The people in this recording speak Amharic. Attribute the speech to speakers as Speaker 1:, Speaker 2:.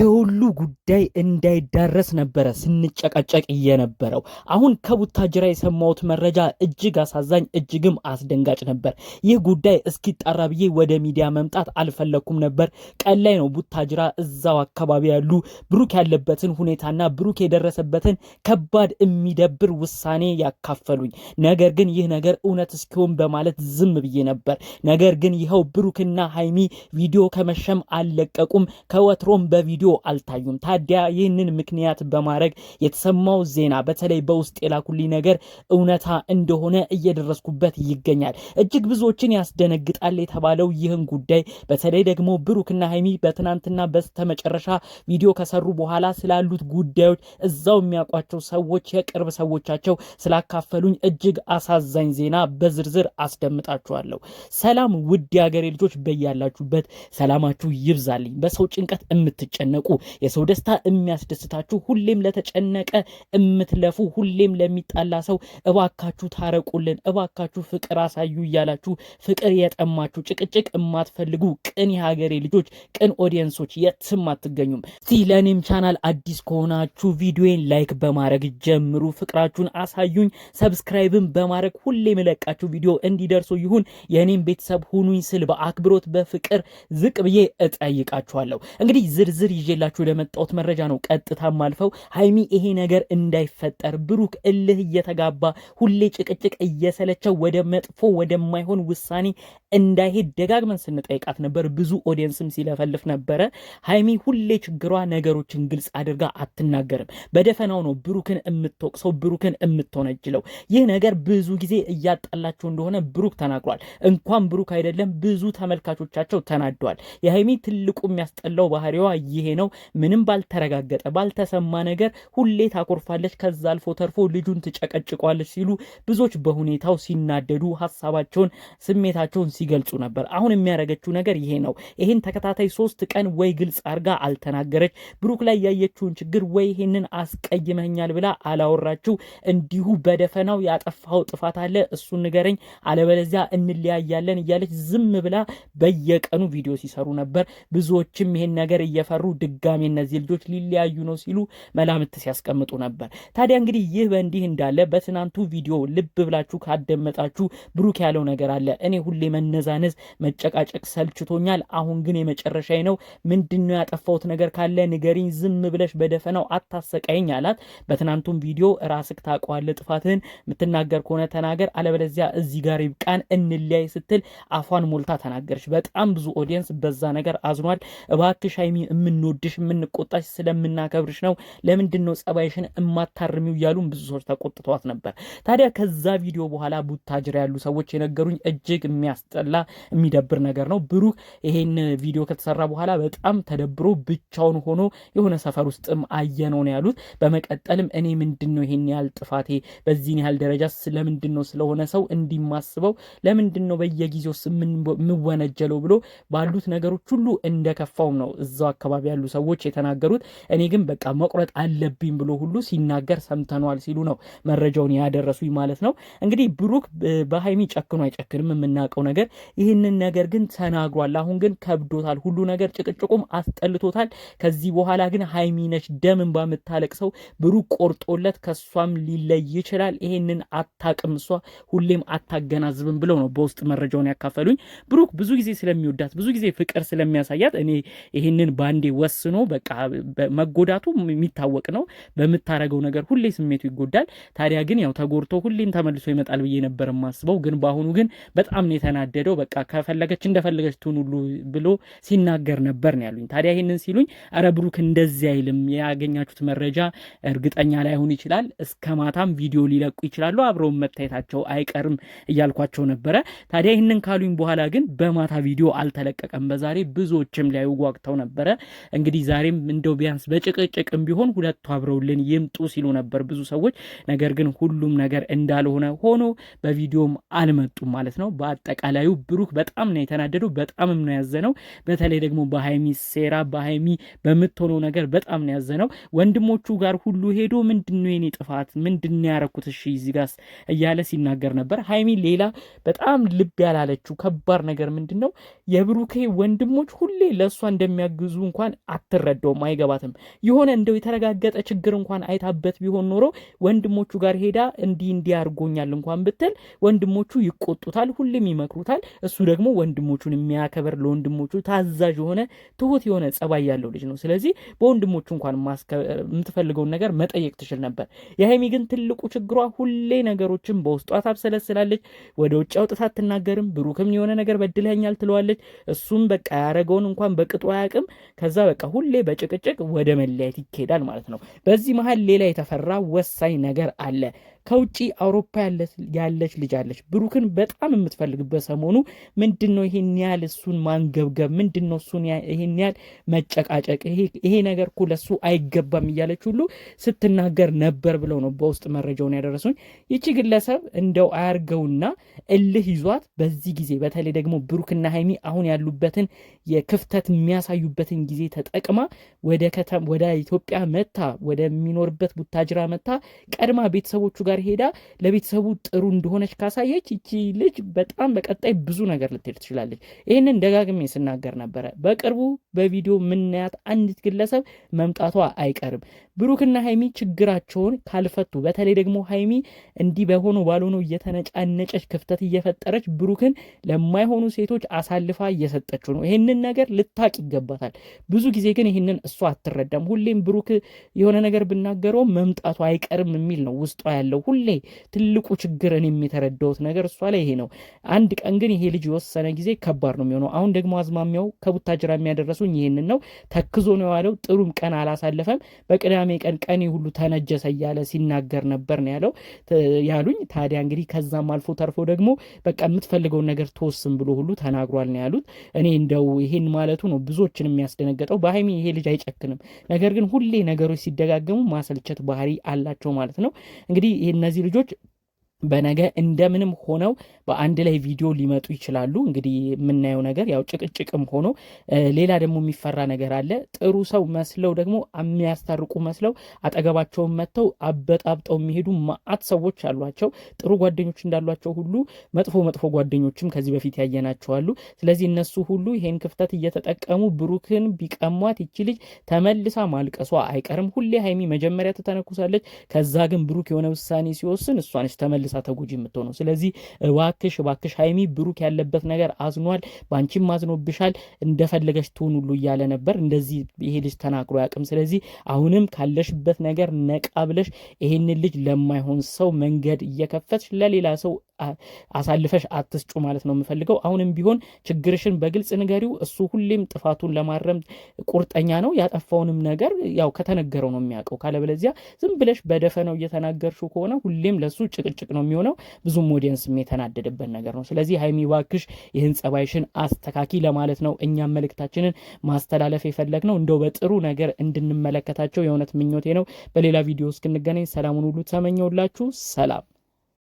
Speaker 1: የሁሉ ጉዳይ እንዳይዳረስ ነበረ ስንጨቀጨቅ የነበረው። አሁን ከቡታጅራ የሰማሁት መረጃ እጅግ አሳዛኝ እጅግም አስደንጋጭ ነበር። ይህ ጉዳይ እስኪጣራ ብዬ ወደ ሚዲያ መምጣት አልፈለኩም ነበር። ቀን ላይ ነው ቡታጅራ እዛው አካባቢ ያሉ ብሩክ ያለበትን ሁኔታና ብሩክ የደረሰበትን ከባድ የሚደብር ውሳኔ ያካፈሉኝ። ነገር ግን ይህ ነገር እውነት እስኪሆን በማለት ዝም ብዬ ነበር። ነገር ግን ይኸው ብሩክና ሀይሚ ቪዲዮ ከመሸም አልለቀቁም ከወትሮም በቪዲዮ አልታዩም። ታዲያ ይህንን ምክንያት በማድረግ የተሰማው ዜና በተለይ በውስጥ የላኩልኝ ነገር እውነታ እንደሆነ እየደረስኩበት ይገኛል። እጅግ ብዙዎችን ያስደነግጣል የተባለው ይህን ጉዳይ በተለይ ደግሞ ብሩክና ሀይሚ በትናንትና በስተመጨረሻ ቪዲዮ ከሰሩ በኋላ ስላሉት ጉዳዮች እዛው የሚያውቋቸው ሰዎች የቅርብ ሰዎቻቸው ስላካፈሉኝ እጅግ አሳዛኝ ዜና በዝርዝር አስደምጣችኋለሁ። ሰላም ውድ የሀገሬ ልጆች፣ በያላችሁበት ሰላማችሁ ይብዛልኝ። በሰው ጭንቀት የምትጨነ የምትጨነቁ የሰው ደስታ የሚያስደስታችሁ ሁሌም ለተጨነቀ የምትለፉ ሁሌም ለሚጣላ ሰው እባካችሁ ታረቁልን፣ እባካችሁ ፍቅር አሳዩ እያላችሁ ፍቅር የጠማችሁ ጭቅጭቅ የማትፈልጉ ቅን የሀገሬ ልጆች ቅን ኦዲየንሶች የትም አትገኙም። እስቲ ለእኔም ቻናል አዲስ ከሆናችሁ ቪዲዮን ላይክ በማድረግ ጀምሩ፣ ፍቅራችሁን አሳዩኝ። ሰብስክራይብን በማድረግ ሁሌም ለቃችሁ ቪዲዮ እንዲደርሱ ይሁን የእኔም ቤተሰብ ሁኑኝ ስል በአክብሮት በፍቅር ዝቅ ብዬ እጠይቃችኋለሁ። እንግዲህ ዝርዝር ይዤላችሁ ለመጣሁት መረጃ ነው። ቀጥታም አልፈው ሀይሚ ይሄ ነገር እንዳይፈጠር ብሩክ እልህ እየተጋባ ሁሌ ጭቅጭቅ እየሰለቸው ወደ መጥፎ ወደማይሆን ውሳኔ እንዳይሄድ ደጋግመን ስንጠይቃት ነበር። ብዙ ኦዲየንስም ሲለፈልፍ ነበረ። ሀይሚ ሁሌ ችግሯ ነገሮችን ግልጽ አድርጋ አትናገርም። በደፈናው ነው ብሩክን የምትወቅሰው፣ ብሩክን የምትወነጅለው። ይህ ነገር ብዙ ጊዜ እያጣላቸው እንደሆነ ብሩክ ተናግሯል። እንኳን ብሩክ አይደለም ብዙ ተመልካቾቻቸው ተናደዋል። የሀይሚ ትልቁ የሚያስጠላው ባህሪዋ ይሄ ነው። ምንም ባልተረጋገጠ ባልተሰማ ነገር ሁሌ ታኮርፋለች፣ ከዛ አልፎ ተርፎ ልጁን ትጨቀጭቋለች ሲሉ ብዙዎች በሁኔታው ሲናደዱ ሀሳባቸውን፣ ስሜታቸውን ሲገልጹ ነበር። አሁን የሚያደርገችው ነገር ይሄ ነው። ይህን ተከታታይ ሶስት ቀን ወይ ግልጽ አድርጋ አልተናገረች። ብሩክ ላይ ያየችውን ችግር ወይ ይህንን አስቀይመኛል ብላ አላወራችው። እንዲሁ በደፈናው ያጠፋው ጥፋት አለ እሱን ንገረኝ፣ አለበለዚያ እንለያያለን እያለች ዝም ብላ በየቀኑ ቪዲዮ ሲሰሩ ነበር። ብዙዎችም ይሄን ነገር እየፈሩ ድጋሜ እነዚህ ልጆች ሊለያዩ ነው ሲሉ መላምት ሲያስቀምጡ ነበር። ታዲያ እንግዲህ ይህ በእንዲህ እንዳለ በትናንቱ ቪዲዮ ልብ ብላችሁ ካደመጣችሁ ብሩክ ያለው ነገር አለ። እኔ ሁሌ መነዛነዝ፣ መጨቃጨቅ ሰልችቶኛል። አሁን ግን የመጨረሻዬ ነው። ምንድነው ያጠፋሁት ነገር ካለ ንገሪኝ። ዝም ብለሽ በደፈናው አታሰቃይኝ አላት። በትናንቱም ቪዲዮ ራስክ ታውቀዋለህ፣ ጥፋትህን የምትናገር ከሆነ ተናገር፣ አለበለዚያ እዚህ ጋር ይብቃን፣ እንለያይ ስትል አፏን ሞልታ ተናገረች። በጣም ብዙ ኦዲየንስ በዛ ነገር አዝኗል። እባክሽ ሀይሚ የምንወ ስለምንወድሽ የምንቆጣሽ ስለምናከብርሽ ነው ለምንድን ነው ጸባይሽን እማታርሚው እያሉም ብዙ ሰዎች ተቆጥተዋት ነበር። ታዲያ ከዛ ቪዲዮ በኋላ ቡታጅራ ያሉ ሰዎች የነገሩኝ እጅግ የሚያስጠላ የሚደብር ነገር ነው። ብሩክ ይሄን ቪዲዮ ከተሰራ በኋላ በጣም ተደብሮ ብቻውን ሆኖ የሆነ ሰፈር ውስጥም አየነው ነው ያሉት። በመቀጠልም እኔ ምንድን ነው ይሄን ያህል ጥፋቴ በዚህን ያህል ደረጃ ስለምንድን ነው ስለሆነ ሰው እንዲማስበው ለምንድን ነው በየጊዜው የምወነጀለው ብሎ ባሉት ነገሮች ሁሉ እንደከፋውም ነው እዛው አካባቢ ያሉ ያሉ ሰዎች የተናገሩት። እኔ ግን በቃ መቁረጥ አለብኝ ብሎ ሁሉ ሲናገር ሰምተኗል ሲሉ ነው መረጃውን ያደረሱኝ ማለት ነው። እንግዲህ ብሩክ በሀይሚ ጨክኖ አይጨክንም የምናውቀው ነገር፣ ይህንን ነገር ግን ተናግሯል። አሁን ግን ከብዶታል ሁሉ ነገር፣ ጭቅጭቁም አስጠልቶታል። ከዚህ በኋላ ግን ሀይሚ ነች ደም እንባ ሰው ብሩክ ቆርጦለት ከእሷም ሊለይ ይችላል። ይህንን አታቅም እሷ ሁሌም አታገናዝብም ብለው ነው በውስጥ መረጃውን ያካፈሉኝ። ብሩክ ብዙ ጊዜ ስለሚወዳት ብዙ ጊዜ ፍቅር ስለሚያሳያት እኔ ይህንን ባንዴ ወስ ወስኖ በቃ መጎዳቱ የሚታወቅ ነው። በምታረገው ነገር ሁሌ ስሜቱ ይጎዳል። ታዲያ ግን ያው ተጎድቶ ሁሌም ተመልሶ ይመጣል ብዬ ነበር የማስበው። ግን በአሁኑ ግን በጣም ነው የተናደደው። በቃ ከፈለገች እንደፈለገች ትሁን ሁሉ ብሎ ሲናገር ነበር ነው ያሉኝ። ታዲያ ይህንን ሲሉኝ ኧረ ብሩክ እንደዚህ አይልም፣ ያገኛችሁት መረጃ እርግጠኛ ላይሆን ይችላል፣ እስከ ማታም ቪዲዮ ሊለቁ ይችላሉ፣ አብረውን መታየታቸው አይቀርም እያልኳቸው ነበረ። ታዲያ ይህንን ካሉኝ በኋላ ግን በማታ ቪዲዮ አልተለቀቀም። በዛሬ ብዙዎችም ሊያዩ ጓግተው ነበረ። እንግዲህ ዛሬም እንደው ቢያንስ በጭቅጭቅም ቢሆን ሁለቱ አብረውልን ይምጡ ሲሉ ነበር ብዙ ሰዎች። ነገር ግን ሁሉም ነገር እንዳልሆነ ሆኖ በቪዲዮም አልመጡም ማለት ነው። በአጠቃላዩ ብሩክ በጣም ነው የተናደደው፣ በጣምም ነው ያዘነው። በተለይ ደግሞ በሀይሚ ሴራ፣ በሀይሚ በምትሆነው ነገር በጣም ነው ያዘነው። ወንድሞቹ ጋር ሁሉ ሄዶ ምንድነው የኔ ጥፋት ምንድነው ያረኩት እሺ እዚህ እያለ ሲናገር ነበር። ሀይሚ ሌላ በጣም ልብ ያላለችው ከባድ ነገር ምንድን ነው የብሩኬ ወንድሞች ሁሌ ለእሷ እንደሚያግዙ እንኳን አትረዳውም፣ አይገባትም። የሆነ እንደው የተረጋገጠ ችግር እንኳን አይታበት ቢሆን ኖሮ ወንድሞቹ ጋር ሄዳ እንዲህ እንዲህ አድርጎኛል እንኳን ብትል ወንድሞቹ ይቆጡታል፣ ሁሌም ይመክሩታል። እሱ ደግሞ ወንድሞቹን የሚያከብር ለወንድሞቹ ታዛዥ የሆነ ትሁት የሆነ ጸባይ ያለው ልጅ ነው። ስለዚህ በወንድሞቹ እንኳን የምትፈልገውን ነገር መጠየቅ ትችል ነበር። የሀይሚ ግን ትልቁ ችግሯ ሁሌ ነገሮችን በውስጧ ታብሰለስላለች፣ ወደ ውጭ አውጥታ አትናገርም። ብሩክም የሆነ ነገር በድለኛል ትለዋለች። እሱም በቃ ያረገውን እንኳን በቅጡ አያውቅም። ከዛ በቃ ሁሌ በጭቅጭቅ ወደ መለያየት ይካሄዳል ማለት ነው። በዚህ መሀል ሌላ የተፈራ ወሳኝ ነገር አለ። ከውጭ አውሮፓ ያለች ልጅ አለች ብሩክን በጣም የምትፈልግበት ሰሞኑ ምንድን ነው ይሄን ያህል እሱን ማንገብገብ ምንድን ነው እሱን ይሄን ያህል መጨቃጨቅ ይሄ ነገር እኮ ለሱ አይገባም እያለች ሁሉ ስትናገር ነበር ብለው ነው በውስጥ መረጃውን ያደረሱኝ ይቺ ግለሰብ እንደው አያርገውና እልህ ይዟት በዚህ ጊዜ በተለይ ደግሞ ብሩክና ሀይሚ አሁን ያሉበትን የክፍተት የሚያሳዩበትን ጊዜ ተጠቅማ ወደ ከተማ ወደ ኢትዮጵያ መታ ወደሚኖርበት ቡታጅራ መታ ቀድማ ቤተሰቦቹ ጋር ጋር ሄዳ ለቤተሰቡ ጥሩ እንደሆነች ካሳየች ይቺ ልጅ በጣም በቀጣይ ብዙ ነገር ልትሄድ ትችላለች። ይህንን ደጋግሜ ስናገር ነበረ። በቅርቡ በቪዲዮ የምናያት አንዲት ግለሰብ መምጣቷ አይቀርም። ብሩክና ሀይሚ ችግራቸውን ካልፈቱ፣ በተለይ ደግሞ ሀይሚ እንዲህ በሆነ ባልሆነ እየተነጫነጨች ክፍተት እየፈጠረች ብሩክን ለማይሆኑ ሴቶች አሳልፋ እየሰጠችው ነው። ይህንን ነገር ልታቅ ይገባታል። ብዙ ጊዜ ግን ይህንን እሷ አትረዳም። ሁሌም ብሩክ የሆነ ነገር ብናገረው መምጣቱ አይቀርም የሚል ነው ውስጧ ያለው ሁሌ ትልቁ ችግር እኔም የተረዳሁት ነገር እሷ ላይ ይሄ ነው። አንድ ቀን ግን ይሄ ልጅ የወሰነ ጊዜ ከባድ ነው የሚሆነው። አሁን ደግሞ አዝማሚያው ከቡታጅራ የሚያደረሱኝ ይህንን ነው። ተክዞ ነው ያለው። ጥሩም ቀን አላሳለፈም። በቅዳሜ ቀን ቀኔ ሁሉ ተነጀሰ እያለ ሲናገር ነበር ነው ያለው ያሉኝ። ታዲያ እንግዲህ ከዛም አልፎ ተርፎ ደግሞ በቃ የምትፈልገውን ነገር ተወስን ብሎ ሁሉ ተናግሯል ነው ያሉት። እኔ እንደው ይሄን ማለቱ ነው ብዙዎችን የሚያስደነገጠው። በሀይሚ ይሄ ልጅ አይጨክንም። ነገር ግን ሁሌ ነገሮች ሲደጋገሙ ማሰልቸት ባህሪ አላቸው ማለት ነው እንግዲህ እነዚህ ልጆች በነገ እንደምንም ሆነው በአንድ ላይ ቪዲዮ ሊመጡ ይችላሉ። እንግዲህ የምናየው ነገር ያው ጭቅጭቅም ሆኖ ሌላ ደግሞ የሚፈራ ነገር አለ። ጥሩ ሰው መስለው ደግሞ የሚያስታርቁ መስለው አጠገባቸውን መጥተው አበጣብጠው የሚሄዱ ማአት ሰዎች አሏቸው። ጥሩ ጓደኞች እንዳሏቸው ሁሉ መጥፎ መጥፎ ጓደኞችም ከዚህ በፊት ያየናቸው አሉ። ስለዚህ እነሱ ሁሉ ይሄን ክፍተት እየተጠቀሙ ብሩክን ቢቀሟት ይቺ ልጅ ተመልሳ ማልቀሷ አይቀርም። ሁሌ ሀይሚ መጀመሪያ ትተነኩሳለች። ከዛ ግን ብሩክ የሆነ ውሳኔ ሲወስን እሷ ነች ተመልሳ መልሳ ተጎጂ የምትሆነው። ስለዚህ እባክሽ እባክሽ ሀይሚ ብሩክ ያለበት ነገር አዝኗል፣ በአንቺም አዝኖብሻል። እንደፈለገች ትሆን ሁሉ እያለ ነበር። እንደዚህ ይሄ ልጅ ተናግሮ ያቅም። ስለዚህ አሁንም ካለሽበት ነገር ነቃ ብለሽ ይሄንን ልጅ ለማይሆን ሰው መንገድ እየከፈትሽ ለሌላ ሰው አሳልፈሽ አትስጩ ማለት ነው የምፈልገው። አሁንም ቢሆን ችግርሽን በግልጽ ንገሪው። እሱ ሁሌም ጥፋቱን ለማረም ቁርጠኛ ነው። ያጠፋውንም ነገር ያው ከተነገረው ነው የሚያውቀው። ካለበለዚያ ዝም ብለሽ በደፈነው እየተናገርሽው ከሆነ ሁሌም ለሱ ጭቅጭቅ ነው የሚሆነው። ብዙም ኦዲየንስም የተናደደበት ነገር ነው። ስለዚህ ሀይሚ ይህን ጸባይሽን አስተካኪ ለማለት ነው እኛም መልእክታችንን ማስተላለፍ የፈለግ ነው። እንደው በጥሩ ነገር እንድንመለከታቸው የእውነት ምኞቴ ነው። በሌላ ቪዲዮ እስክንገናኝ ሰላሙን ሁሉ ተመኘውላችሁ። ሰላም